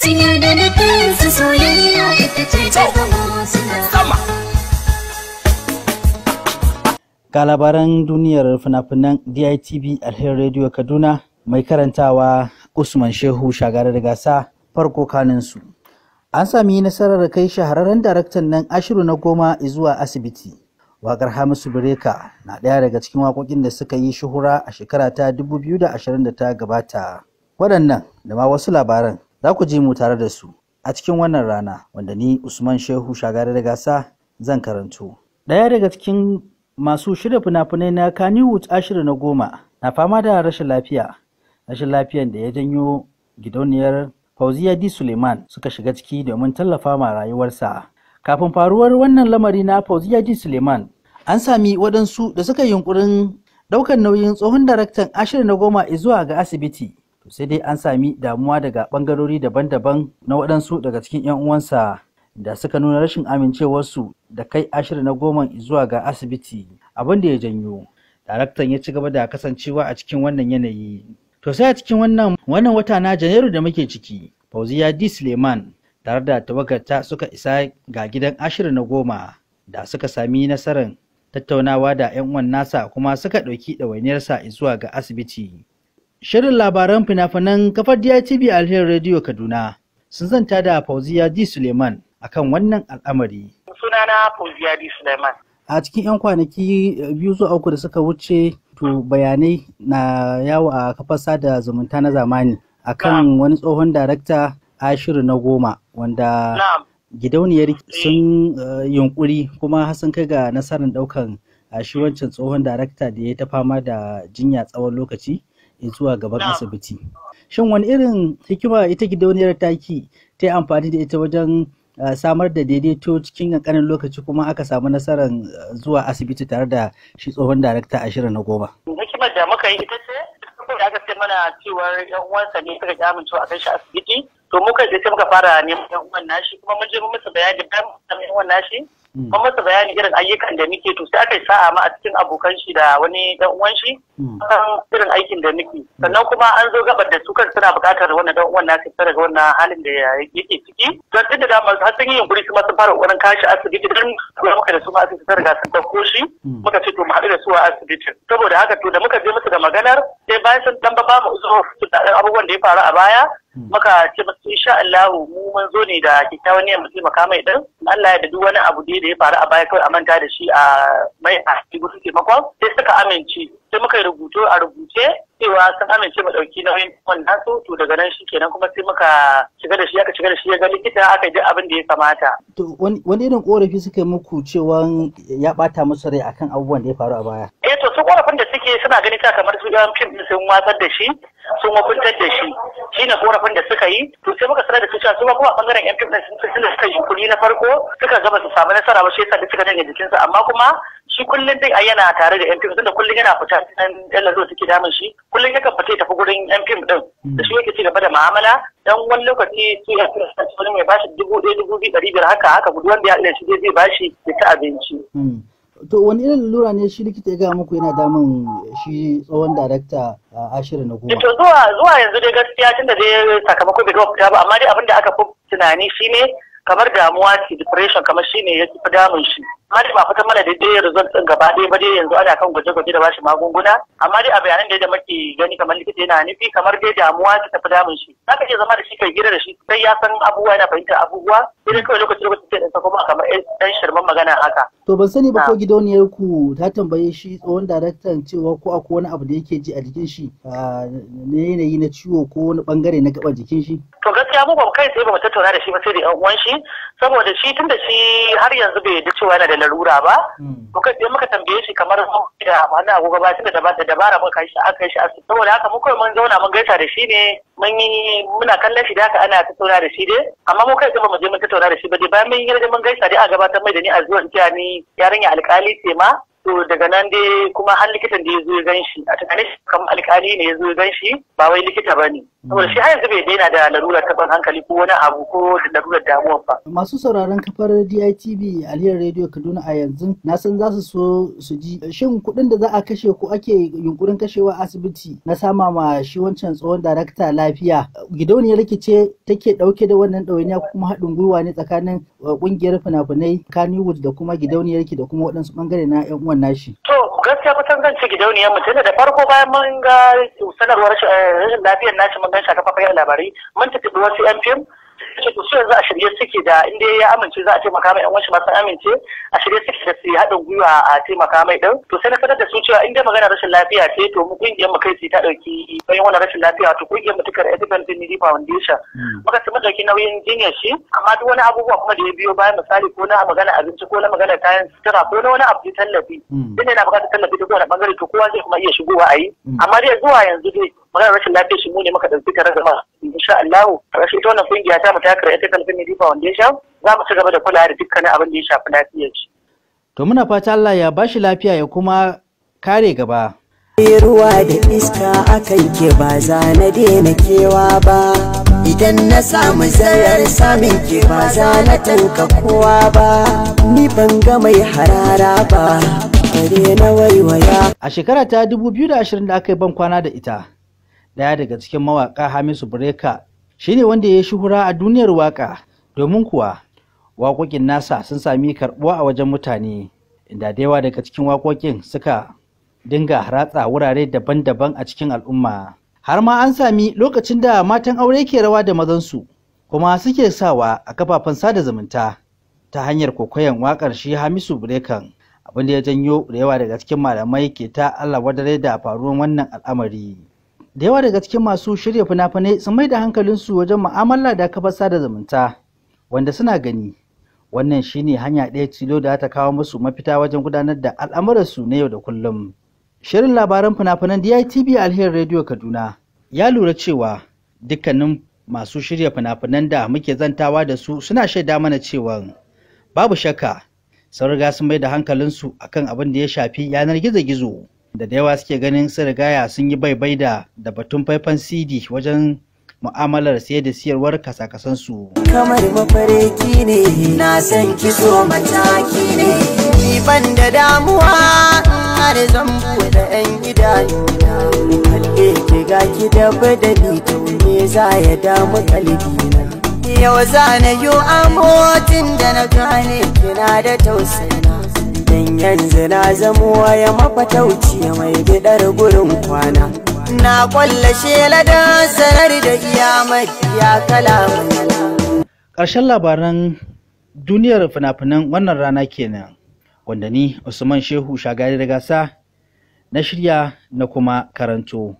Sinya soyayya ita ce ta Ga labaran duniyar fina-finan DITV Alheri Radio Kaduna mai karantawa Usman Shehu shagarar gasa farko kaninsu. An sami nasarar kai shahararren daraktan nan ashiru na goma zuwa asibiti. Wakar Hamisu Bireka na ɗaya daga cikin waƙoƙin da suka yi shuhura a shekara ta 2020 ta gabata. Waɗannan da ma wasu labaran za ku ji mu tare da su a cikin wannan rana wanda ni Usman Shehu Shagari da Gasa zan karantu. Ɗaya daga cikin masu shirya fina-finai na Kannywood ashirin na goma na fama da rashin lafiya. Rashin lafiyan da ya janyo gidauniyar Fauziya D. Suleiman suka shiga ciki domin tallafa ma rayuwarsa. Kafin faruwar wannan lamari na Fauziya D. Suleiman, an sami waɗansu da suka yunkurin ɗaukar nauyin tsohon daraktan ashirin na goma zuwa ga asibiti sai dai an sami damuwa daga bangarori daban-daban na waɗansu daga cikin 'yan uwansa da suka nuna rashin amincewarsu da kai ashirin na goma zuwa ga asibiti abin da ya janyo daraktan ya ci gaba da kasancewa a cikin wannan yanayi to sai a cikin wannan wannan wata na janairu da muke ciki fauziya d suleiman tare da tawagarta suka isa ga gidan ashirin na goma da suka sami nasarar tattaunawa da 'yan uwan nasa kuma suka ɗauki ɗawainiyarsa zuwa ga asibiti Shirin labaran finafinan finan kafar DITB Alheri Radio Kaduna sun zanta da Fauziya D. Suleiman akan wannan al'amari. Sunana Fauziya D. Suleiman. A cikin 'yan kwanaki eh, biyu zuwa uku da suka wuce to bayanai na yawo a kafar sada zumunta na zamani akan wani tsohon darakta Ashiru na goma wanda gidauniyar eh. sun eh, yunkuri kuma sun kai ga nasarar daukan shi wancan tsohon darakta da ya ta fama da jinya tsawon lokaci zuwa gaban asibiti shin wani irin hikima ita gidauniyar taki ta yi amfani da ita wajen samar da daidaito cikin ƙanƙanin lokaci kuma aka samu nasarar zuwa asibiti tare da shi tsohon darakta a shirin na goma hikimar da muka yi ita ce da aka ce mana cewar yan uwansa ne suka ji amincewa a kai shi asibiti to muka je ce muka fara neman yan uwan nashi kuma mun je mun musu bayani ban yan uwan nashi Mm. Mun masa bayani irin ayyukan da muke to sai aka yi sa'a ma a cikin abokan shi da wani dan uwan shi san mm. irin aikin da muke. Sannan kuma an zo gabar da su kan suna buƙatar wannan dan uwan nasu fita ga wannan halin da yake ciki. Don duk da dama har sun yi yunkuri su ma sun fara ƙoƙarin kashi asibiti don kuma muka da su ma asibiti riga sun ɗauko shi mm. muka ce to mu haɗu da su a asibitin. Saboda haka to da muka je musu da maganar sai bayan sun ɗan ba mu uzo abubuwan da ya faru a baya Maka ce masu insha Allah mu mun zo ne da kyakkyawan niyyar mutum mai din. Allah ya da duk wani abu da ya faru a baya kawai a manta da shi a mai a cikin taimakon sai suka amince. Sai muka yi rubutu a rubuce cewa sun amince mu dauki nauyin wannan so to daga nan shi kenan kuma sai muka shiga da shi aka shiga da shi ya ga likita aka ji abin da ya kamata. To wani irin korafi suka yi muku cewa ya bata musu rai akan abubuwan da ya faru a baya? Eh to su korafin da suke suna ganin kamar su yan fim sun watsar da shi sun wakuntar da shi shi ne korafin da suka yi to sai muka sanar da su cewa su kuma bangaren yan fim sun suka yi kuri na farko suka zama su samu nasara ba shi yasa suka danga jikinsa amma kuma shi kullum dai a yana tare da MP fim tunda kullum yana fita nan yan lazo suke damun shi kullum yakan fita tafi gurin MP fim din da shi yake ci gaba da mu'amala dan wani lokaci su ya fita wani mai bashi dubu ɗaya dubu biyu ɗari biyar haka haka gudu wanda ya ɗaya shi zai bashi ya ta abinci. Hmm. to wani irin lura ne shi likita ya gaya muku yana damun shi tsohon darakta a ashirin na goma. to zuwa yanzu dai gaskiya tun da dai sakamakon bai fita ba amma dai abin da aka fi tunani shi ne kamar damuwa ce depression kamar shine ya fi damun shi. mari ba fitar mana daidai dai result din gaba ɗaya ba dai yanzu ana kan gwaje-gwaje da bashi magunguna amma dai a bayanan da muke gani kamar likita yana nufi kamar dai damuwa ta tafi damun shi za ka iya zama da shi kai gida da shi sai ya san abubuwa yana fahimtar abubuwa sai kawai lokaci lokaci sai ɗan kuma kamar ɗan shirman magana haka. to ban sani ba ko gidauniyar ku ta tambaye shi tsohon daraktan cewa ko akwai wani abu da yake ji a jikin shi na yanayi na ciwo ko wani bangare na gaba jikin shi. to gaskiya mu ba kai tsaye ba mu tattauna da shi ba sai da uwan shi saboda shi da shi har yanzu bai da cewa yana da larura ba hmm. kai sai muka tambaye shi kamar da wani agogo ba tunda da da dabara muka kai shi aka kai shi asibiti saboda haka mu kai mun zauna mun gaisa da shi ne mun yi muna kallon shi da haka ana tattauna da shi dai amma mu kai tsaye ba mu je mun tattauna da shi ba dai bayan mun yi mun gaisa dai a gabatar mai da ni a zuwa ni yarinya alkali ce ma to daga nan dai kuma har likitan da ya zo ya gan shi a tunanin kamar alkali ne ya zo ya gan shi ba wai likita ba ne saboda shi har yanzu bai daina da larurar taɓin hankali ko wani abu ko da larurar damuwa ba. Masu sauraron kafar DITV Aliyar Radio Kaduna a yanzu na san za su so su ji shin kuɗin da za a kashe ko ake yunkurin kashewa asibiti na sama ma shi wancan tsohon darakta lafiya gidauniyar rikice take ɗauke da wannan ɗawainiya kuma haɗin gwiwa ne tsakanin uh, ƙungiyar fina-finai Kannywood da kuma gidauniyar ki da kuma waɗansu ɓangare na 'yan uwan nashi. gaskiya kusan zan ci gidauniyar mutum da farko bayan mun ga sanarwar eh, rashin lafiyar nashi mun gan shi a kafafen labarai mun tafi wasu yan fim ce su yanzu a shirye suke da inda ya amince za a taimaka mai yan wasu masu amince a shirye suke da su yi haɗin gwiwa a taimaka mai ɗin to sai na sanar da su cewa inda magana rashin lafiya ce to mu kungiyar mu kai su ta ɗauki bayan wani rashin lafiya to kungiyar mu tukar Edmund Dignity Foundation hmm. muka ci mun ɗauki nauyin jinya shi amma duk wani abubuwa kuma da ya biyo bayan misali ko na magana abinci ko na magana kayan sutura ko na wani abu tallafi hmm. din yana buƙatar tallafi ta kowane ɓangare to kowa zai kuma iya shigowa a yi hmm. amma dai zuwa yanzu dai magana rashin lafiya su mu ne muka ɗauki tare da ma insha rashin ita wannan kungiya ta mu ta kare ta kan ne difa wanda ya sha za mu ci gaba da kula da dukkanin abin da ya shafi lafiyar shi to muna fata Allah ya bashi lafiya ya kuma kare gaba ruwa da iska akan ke ba za na daina kewa ba idan na samu zayar samin ke ba za na tanka kowa ba ni ban ga mai harara ba bare na waiwaya a shekara ta 2020 da aka yi ban kwana da ita Daya daga cikin mawaƙa Hamisu Breka shine wanda ya shuhura a duniyar waƙa domin kuwa waƙoƙin nasa sun sami karɓuwa a wajen mutane inda da yawa daga cikin waƙoƙin suka dinga ratsa wurare daban-daban a cikin al'umma har ma an sami lokacin da matan aure ke rawa da mazansu kuma suke sawa a kafafen sada zumunta ta hanyar kwaikwayon waƙar shi Hamisu Brekan abinda ya janyo da yawa daga cikin malamai ke ta Allah wadare da faruwan wannan al'amari da yawa daga cikin masu shirya fina-finai sun mai da hankalinsu wajen ma'amala da kafar sada zumunta wanda suna gani wannan shine hanya ɗaya tilo da ta kawo musu mafita wajen gudanar da al'amuransu na yau da kullum shirin labaran fina-finan DITB alherin rediyo Kaduna ya lura cewa dukkanin masu shirya fina-finan da muke zantawa da su suna shaida mana cewa babu shakka sun riga sun mai da hankalinsu akan abin da ya shafi yanar gizo-gizo da da yawa suke ganin sun rigaya sun yi baibai da da batun faifan Sidi wajen mu'amalar sai da siyarwar kasakasan su kamar mafarki ne na san so mataki ne ni ban da damuwa har zan bude yan gida na kalle ki ga ki da badali to me za ya damu kalbi na yau za na yi amotin da na gane kina da tausayi dan yanzu na zamo waya mafatauci mai bidar gurin kwana na kwalla shela da sanar da iyamar ya ƙarshen labaran duniyar fina-finan wannan rana kenan wanda ni usman shehu shagari da gasa na shirya na kuma karanto